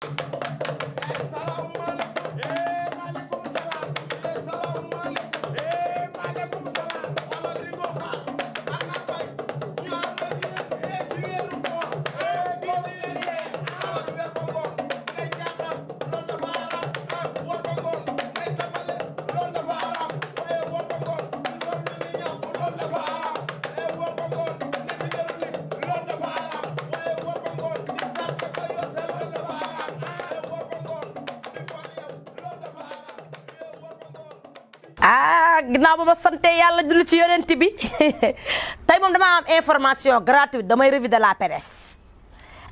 Thank you ah ginnaaw ba ma sante yàlla julli ci yonent bi tey moom damaa am information gratuite damay revue de la presse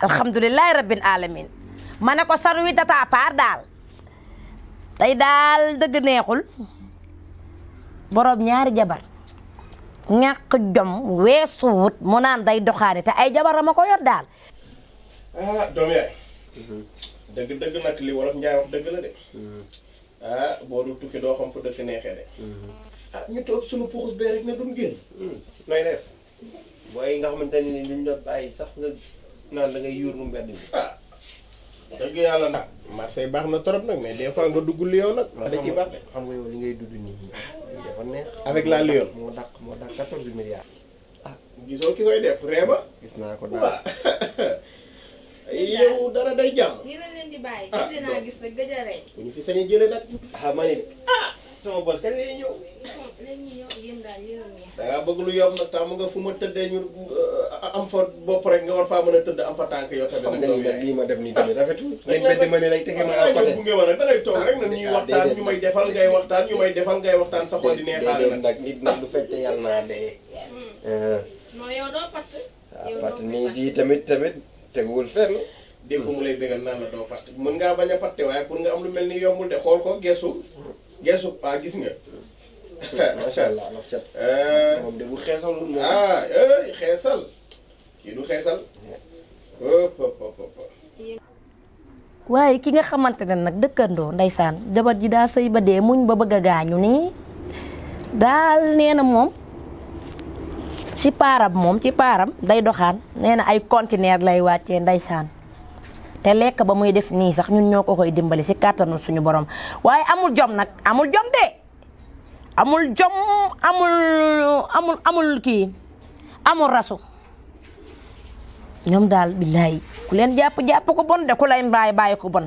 alhamdulilahi rabbil alamin ma ne ko saru wi data part daal tey daal dëgg neexul borom ñaari jabar ñàkk jom weesu wut mu naan day doxaani te ay jabar ma ko yor daal ah, dëgg dëgg nag li wolof njaay wax dëgg la de hmm. ah boo dul tukki doo xam fu dëkk neexee de. Mm-hmm. ah ñu toog suñu puxus bee rek ne duñ génn. Mm, nooy def booy nga xamante ni ni duñ la bàyyi sax nga naan da ngay yuur mu mbedd bi. ah dëgg yàlla nag. marché baax na trop nag mais des fois nga dugg Lyon nag. da ciy baax de xam nga yow li ngay dudd nii. Ah. dafa neex. avec la Lyon moo daq moo dàq 14 milliards. ah gisoo ki koy def réew ma. gis naa ko daal yow dara day jàmm. nii la leen di bàyyi. ah gëj naa gis nag gëj a rey. bu ñu fi sañ a jëlee nag. ah ma ne ah sama bos kañ lay a neex. bëgg lu yomb nag taamu nga fu ma tëddee ñu euh, am fa bopp rek nga war faa mën a tëdd am fa tànk yoo tamit. xam nañ ne lii ma def nii tamit rafetul. dañ bedd ma ne lay tege ma à côté bu ngeen rek da ngay toog rek ah, nag ñuy ah, waxtaan waxtaan ñu may defal ngay waxtaan sa xol di neexaale nag. nag nit nag du fekkee naa dee. Hmm. Ah. non yow doo patt. yow patt nii tamit tamit teguwul fenn dégg mu lay bégal naan la doo fàtte mën ngaa bañ a fàtte waaye pour nga am lu mel ni de xool ko gesu, gesu paa ah, gis nga macha allah laf cat eh. moom de bu xeesal ah ey xeesal kii du xeesal ëpp ëpp ëpp waaye ki nga xamante ne nag dëkkandoo ndeysaan jabar ji daa sëy ba dee muñ ba bëgg a gaañu nii daal nee si paaram moom ci paaram day doxaan nee na ay conteneur lay wàccee ndeysaan te lekk ba muy def nii sax ñun ñoo ko koy dimbali si kàttanu suñu borom waaye amul jom nag amul jom de amul jom amul amul amul kii amul rasu ñoom daal billaay ku leen jàpp jàpp ko bon de ku lay bàyyi bàyyi ko bon.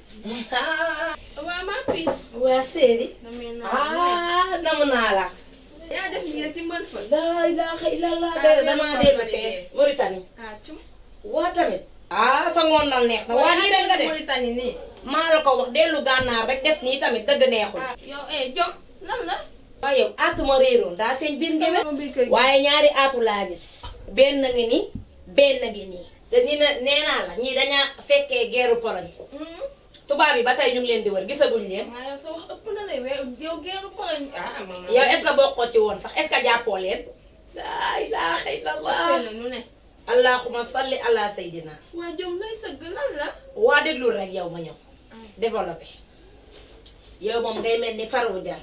waa maa piis waa seedi ah namu naa la yaa def liggéey ci mbër fa laa ilaaha illallah damaa dee ba fee ah sa ngoon nal neex na waa nii rek nga def Mauritanie tamit dëgg neexul ah, yow eh jom lan la waaye yow aatuma réeroon daa seen biir ngéwél waaye ñaari aatu laa gis benn ngi ni benn ngi nii te nii na nee naa la ñii dañaa fekkee geeru tubaab yi ba tey ñu leen di wër gisaguñ leen. waaw ah, sa wax ëpp na lay ah, ci woon sax est ce que jàppoo leen. laa ilaaha illallah nu ne. allahumma salli ala sayyidina. waa jom lay sëgg lan la. waa déglul rek yow ma ñëw. Ah. développé. yow moom ngay mel ni faru jar.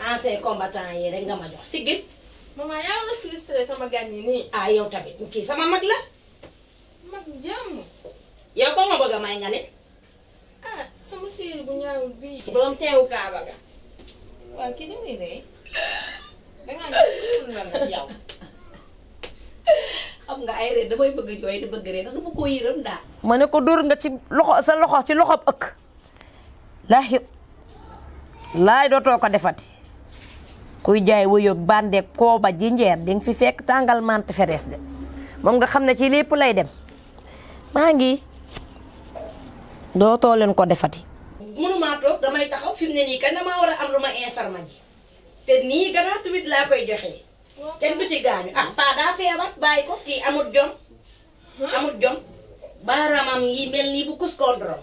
ancien combattant yi rek nga ma jox siggil. maman yaa la frustré sama gan yi nii. ah yow tamit kii sama mag la. mag jàmm. yow ko nga bëgg may nga ah sama bu ñaawul ni muy yow. xam nga ay damay bëgg bëgg dama ko nga ci loxo sa loxo ci loxo ak lahi laay doto ko defati. kuy jaay bande di fi fekk tangal mante feres de mom nga xamne ci lepp lay dem mangi doto len ko defati. mënumaa tok damay taxaw fimne ni kan dama wara am luma ma informa ji te nii gratuit la koy joxe ken du ci gañu ah pa da feebar bàyyi ko ki amut jom amut jom baaraamam yi melni bu kus kondro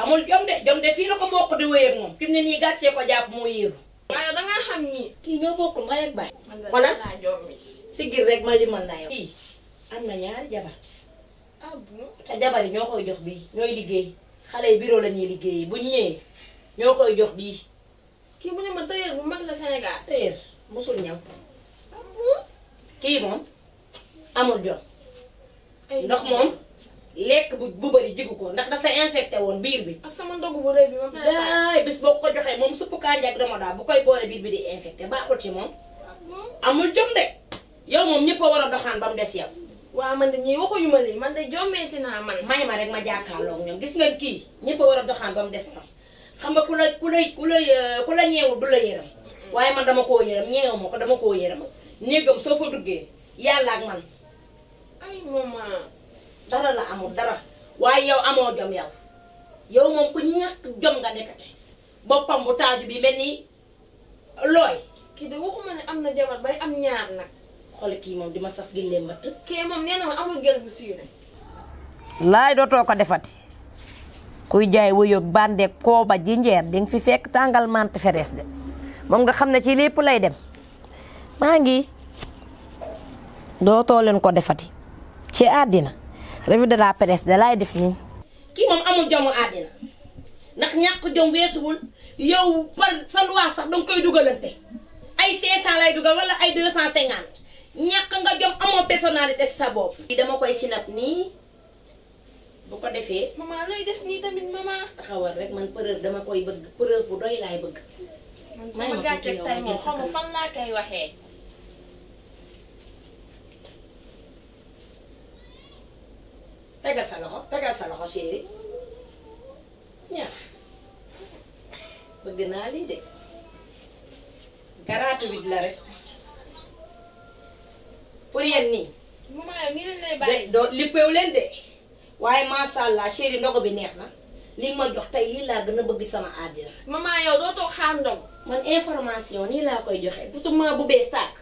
amul jom de jom de fi la ko bokk di wéy ak moom fi mu ko japp mo yir waaye da nga xam ni ki nga bokkul ngay ak baay. xoolal sigir rek ma di man nayo ki am na ñaar jabar. ah bon te jabar yi ñoo koy jox bii ñooy liggéey xale yi bureau la ñuy liggéey bu ñu ñëwee ñoo koy jox bii. kii mu ne ma tailleur bu mag la Sénégal. tailleur mosul ñaw. Ah kii moom amul jot. ndox moom lekk bu bu bëri jigu ko ndax dafa infecté woon biir bi. ak sama ndogu bu rëy bi moom. boo ko joxee moom suppu kanja ak daa bu koy boole biir bi di infecté baaxul ci moom. Ah amul jom de yow moom ñëpp a war a doxaan ba des yow. wa man de ñii waxuñu ma lii man de ci na man. may ma rek ma jàkkaarloog ñom gis nga ki ñepp wara war bam dess ba xam nga kula kula kula euh, kula ñewu du la yeeram waye man dama ko ñewu mako dama ko yeeram neegam so fa duggé yalla ak man ay mama, dara la amu dara waye yow amo jom yow yow mom ku ñàkk jom nga nekkate bopam bu taaju bi melni loy ki de waxuma ne am jabar bay am ñaar nak xool kii moom dima saf gën leen matt kii moom nee na ma amul gel bu siiw laay dootoo ko defati kuy jaay wëyoog bande kooba ji njeer di nga fi fekk tàngal mante ferees de moom nga xam ne ci lépp lay dem maa ngi dootoo leen ko defati ci àddina revue de la presse de laay def nii. kii moom amul jomu àddina ndax ñàkk jom weesuwul yow par sa loi sax danga koy dugalante ay 500 lay dugal wala ay 250. ñàkk nga jom amoo personnalité sa bopp. lii dama koy sinap nii bu ko defee. maman lay def nii tamit maman. taxawal rek man preuve dama koy bëgg preuve bu doy laay bëgg. man sama gàcceeg fan laa koy waxee. tegal sa loxo tegal sa loxo chérie ñaax bëgg naa lii de garaatu bi la rek. pour yéen nii. maman yow nii lañ doo lippeewu leen de waaye macha allah chéri ndogo bi neex na li ma jox tey lii laa gën a bëgg sama àddina. maman yow doo toog xaar ndog. man information nii laa koy joxe surtout bu bees tàkk.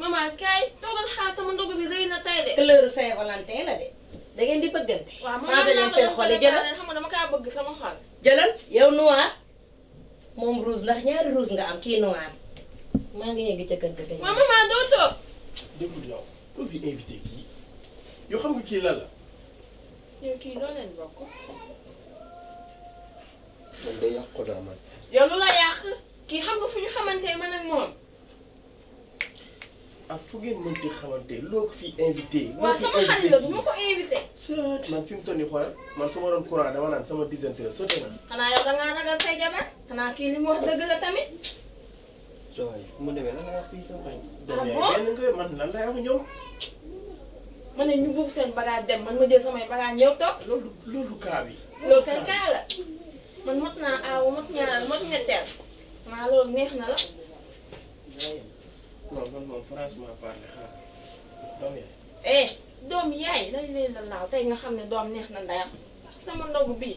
maman kay toogal xaar sama ndogo bi rëy na tey de. couleur Saint-Valentin la de. da ngeen di bëggante. waaw man leen seen xol jëlal xam dama kaa bëgg sama xol. jëlal yow noir moom rouge la ñaari rouge nga am kii noir maa ngi yegg ca kër ga tey. déglu yow koo fi invité kii yow xam kii lan la. yow kii noo leen bokk. man de yàq ko daa man. yow kii xam nga fu ñu xamante man ak moom. ah fu ngeen mënti xamante loo ko fi invité. loo fi invité waaw sama xarit la bu ma ko man fi mu toll nii xoolal man su ma doon courant dama naan sama dizaine heures sotti na. xanaa yow da ngaa ragal say xanaa kii mu wax dëgg la tamit. waaw mu demee na lay fii sama bañ. man lan lay wax ñoom. ma ñu seen bagage dem man ma jël samay bagaan ñëw toog. loolu loolu kaa bi. loolu kay kaa la. man mot naa aaw mot ñaar mot ñetteel. maa loolu neex na la. non man doom yaay. lay leen la laaw tey nga xam ne doom neex na ndayam sama ndogu bii.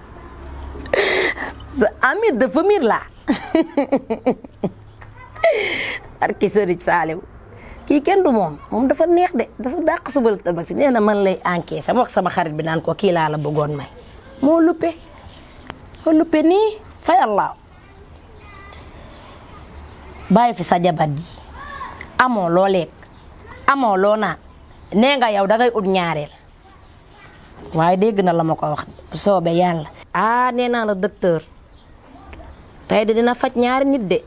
amit dafa miir laa barki sëriñ saaliw ki ken du mom mom dafa neex de dafa dak subal tabax neena man lay anké sama wax sama xarit bi nan ko ki la la bëggon may mo luppe ko luppe ni fayal laaw baye fi sa jabar ji amoo loo lekk nga ut ñaarel waye na la wax sobe yalla ah neena la docteur tey de na faj ñaari nit de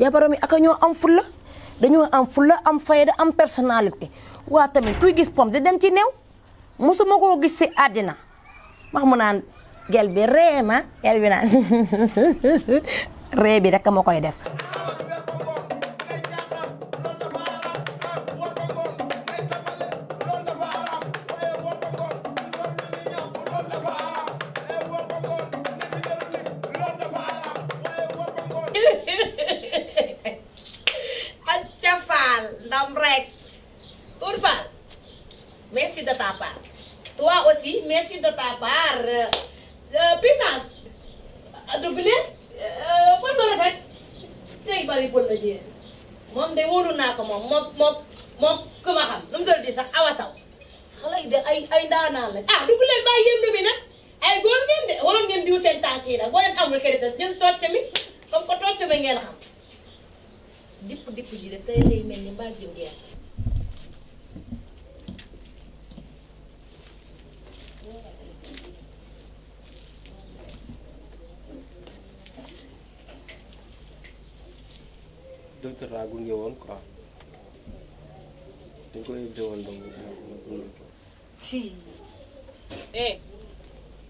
jabaram yi ak ñoo am fulla dañoo am fulla am fayda am personnalité waa tamit kuy gis pom di dem ci new mosuma koo gis si àddina wax mu naan gel bi ree ma gel bi naan ree bi rek ma koy def jàmm rek Tour Fall merci de ta part toi aussi merci de ta part euh, euh, puissance euh, du bileen photo rafet bari pël la jéer moom de wóolu naa ko moom moom moom moom ku ma xam lu di sax awa saw xale yi de ay ay ndaanaan la ah du bileen bàyyi yëndu bi ay góor ngeen de waroon ngeen diw seen tànk yi nag boo leen amul crédit ngeen mi comme que tocc bi ngeen xam dipp dipp ji de tey ni mbaa jëm gerte docteur laa gunge woon quoi dañ ko éviter woon donc ma gunge ko. si. eh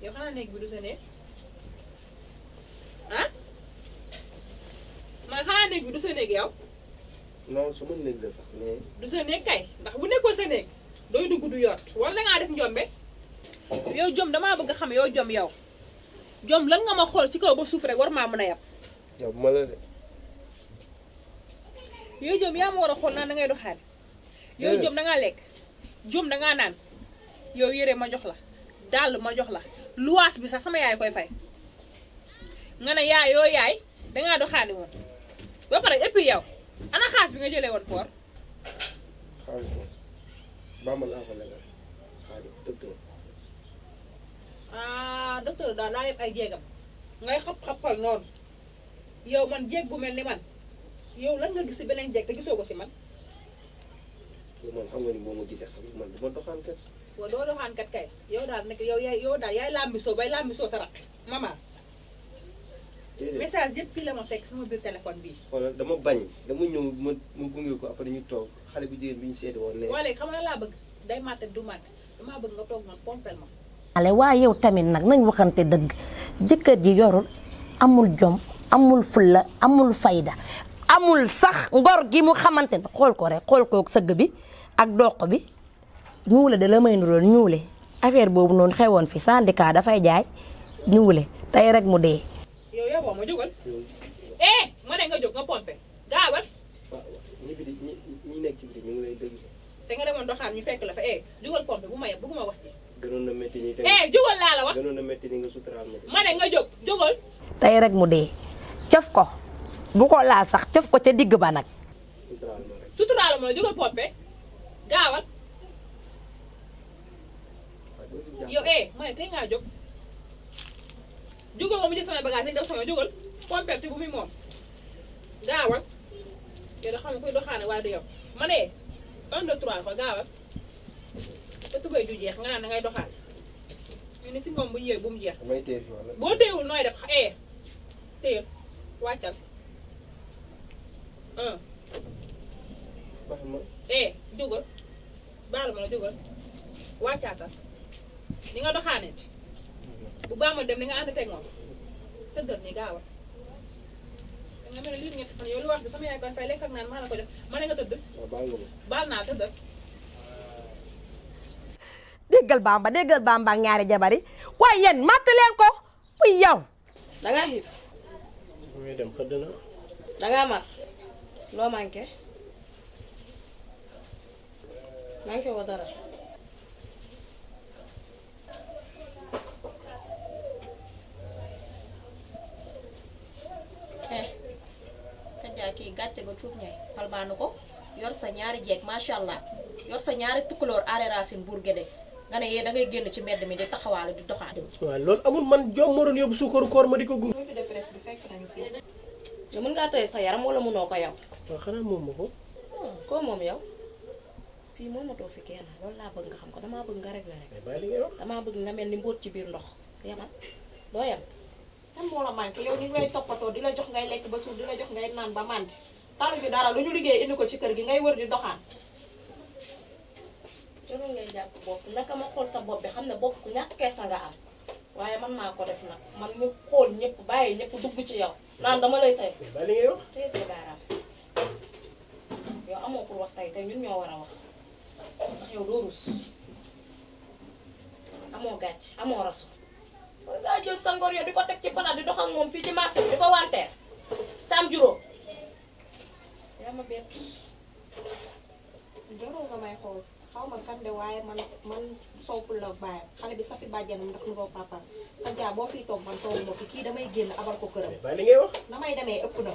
yow du sa néeg yow. non su ma néeg la sax mais. du sa néeg kay ndax bu nekkoo sa néeg dooy dugg du yott wala dangaa def njombe yow jom damaa bëgg xam yow jom yow jom lan xool ci kaw ba suuf war maa mën a yab. yow ma la de. yow jom yaa ma war a xool naan dangay doxaan. yow eh. jom dangaa lekk jom dangaa naan yow yére ma jox la dàll ma jox la luwaas bi sax sama yaay koy fay nga ne yaay yoo yaay dangaa doxaani woon. ba pare et puis yow ana xaas bi nga jëlee woon port. xaalis moom bàmba laa ko lebal xaalis docteur. ah docteur daal daa yëpp ay jéegam ngay xap-xapal noonu yaw man jeeg bu mel ni man yow lan nga gis si beneen jéeg te gisoo ko si man. yow man xam nga ni moom moo gisee xam nga man du ma doxaan kat. doo doxaan kay yow daal nekk yow yaay yow daal yaay làmbisoo bay làmbisoo sa raq mama message yëpp fii la ma fekk sama biir téléphone bi xoolal dama bañ xam nga laa bëgg day màtt du màtt damaa bëgg nga toog noonu pompel ma ale waaye yow tamit nag nañ waxante dëgg jëkkër ji yorul amul jom amul fulla amul fayda amul sax ngor gi mu xamante ne xool ko rek xool koog sëgg bi ak doq bi ñuule da la may nurool ñuule affaire boobu noonu xewoon fi syndicat dafay jaay ñuule tey rek mu dee yow yaboo ma jógal. eh ma ne nga jóg nga pompe gaawal. ñi bi di ñi ñi nekk ci biti ñu ngi lay dégg. te nga demoon ñu fekk la fa eh jógal pompe bu ma yeb bëgguma wax ci. gënoon na métti nii tey wax gënoon na métti nga suturaal ma nga jóg jógal. tey rek mu dee cof ko bu ko laal sax cof ko ca digg ba nag. suturaal ma la pompe gaawal. yow eh ma ne tey ngaa jógal moom mu jël samay bagage nañ dem sama jógal comperte bu muy moom gaawal yow da xam ne koy doxaane waaye du yow ma ne un deux trois ko nga naan da ngay si moom bu ñëwee bu mu jeex boo téyewul nooy def ee eh, téyel wàccal un ee eh, jógal baal ma la jógal wàccaatal ni nga doxaaneeti bu baaxoon dem da nga ànd teg te dem ni gawa ya nga mel ne ñet ñetti fan yow lu wax sama yaay ko fay lek ak naan ma la ko def ma ne nga tëdd. bal na tëdd. deggal bamba deggal bamba ak ñaari jabar yi waaye yéen matt leen ko bu yow. da nga xiif. muy dem ko na. da nga mar lo manke manke wa dara. ki gatte go ga cuub ñay palmaanu ko yor sa ñaari jeeg macha allah yor sa ñaari tukulor aare racine buur gede nga ne yee da ngay genn ci mbedd mi di taxawaale di doxaan. wa lool amul man jom moron yob yóbbu suukaru koor ma diko gum gunge. revue de presse bi fekk nañu fi. mën ngaa tooy sa yaram wala mënoo ko yaw wa xana mom mako ko. mom yaw fi yow. mo to fi kenn lool la bëgg nga xam ko dama bëgg nga réglé rek. dama bëgg nga melni mbot ci bir ndox yamal do yam kan moo la manqué yow ñu ngi lay toppatoo di la jox ngay lekk ba suur di la jox ngay naan ba màndi taluñu dara lu ñu liggéey indi ko ci kër gi ngay wër di doxaan jarul ngay jàpp bopp naka ma xool sa bopp bi xam ne bopp ku ñàkk keesa nga am waaye man maa ko def nag man ñu xool ñëpp bàyyi ñëpp dugg ci yow naan dama lay say ba li ngay wax tey say baaraam yow amoo wax tey tey ñun ñoo war wax ndax yow doo rus amoo gàcc amoo rasu mën ngaa jël sa ngor yo di ko teg ci palaat di dox ak moom fii ci marché di ko wanteer saam juróom yaa ma bett joroo nga may xool xaw ma kan waaye man man sow pour la bàyyam xale bi safi bàjjanam ndax mu doo papa xajaa boo fiy toog man toog ma fi kii damay génn abal ko këram. ngay wax. damay demee ëpp na.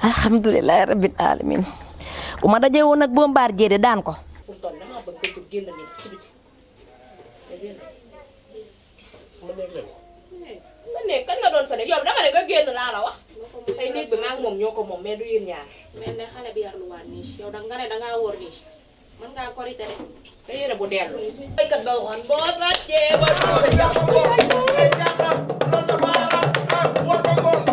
alhamdulilah rabbil alamin bu ma dajee woon ak Bombardier de daan ko. sa néeg kañ la doon sa néeg yow dama ne nga génn laa wax. ay néeg bi maa moom ñoo ko moom mais du yéen ñaar. mel ne xale bi yarlu waat nii yow da nga ne da ngaa wóor nii mën ngaa korite de. sa yére bu dellu. béykat ba waxoon boo sàccee ba.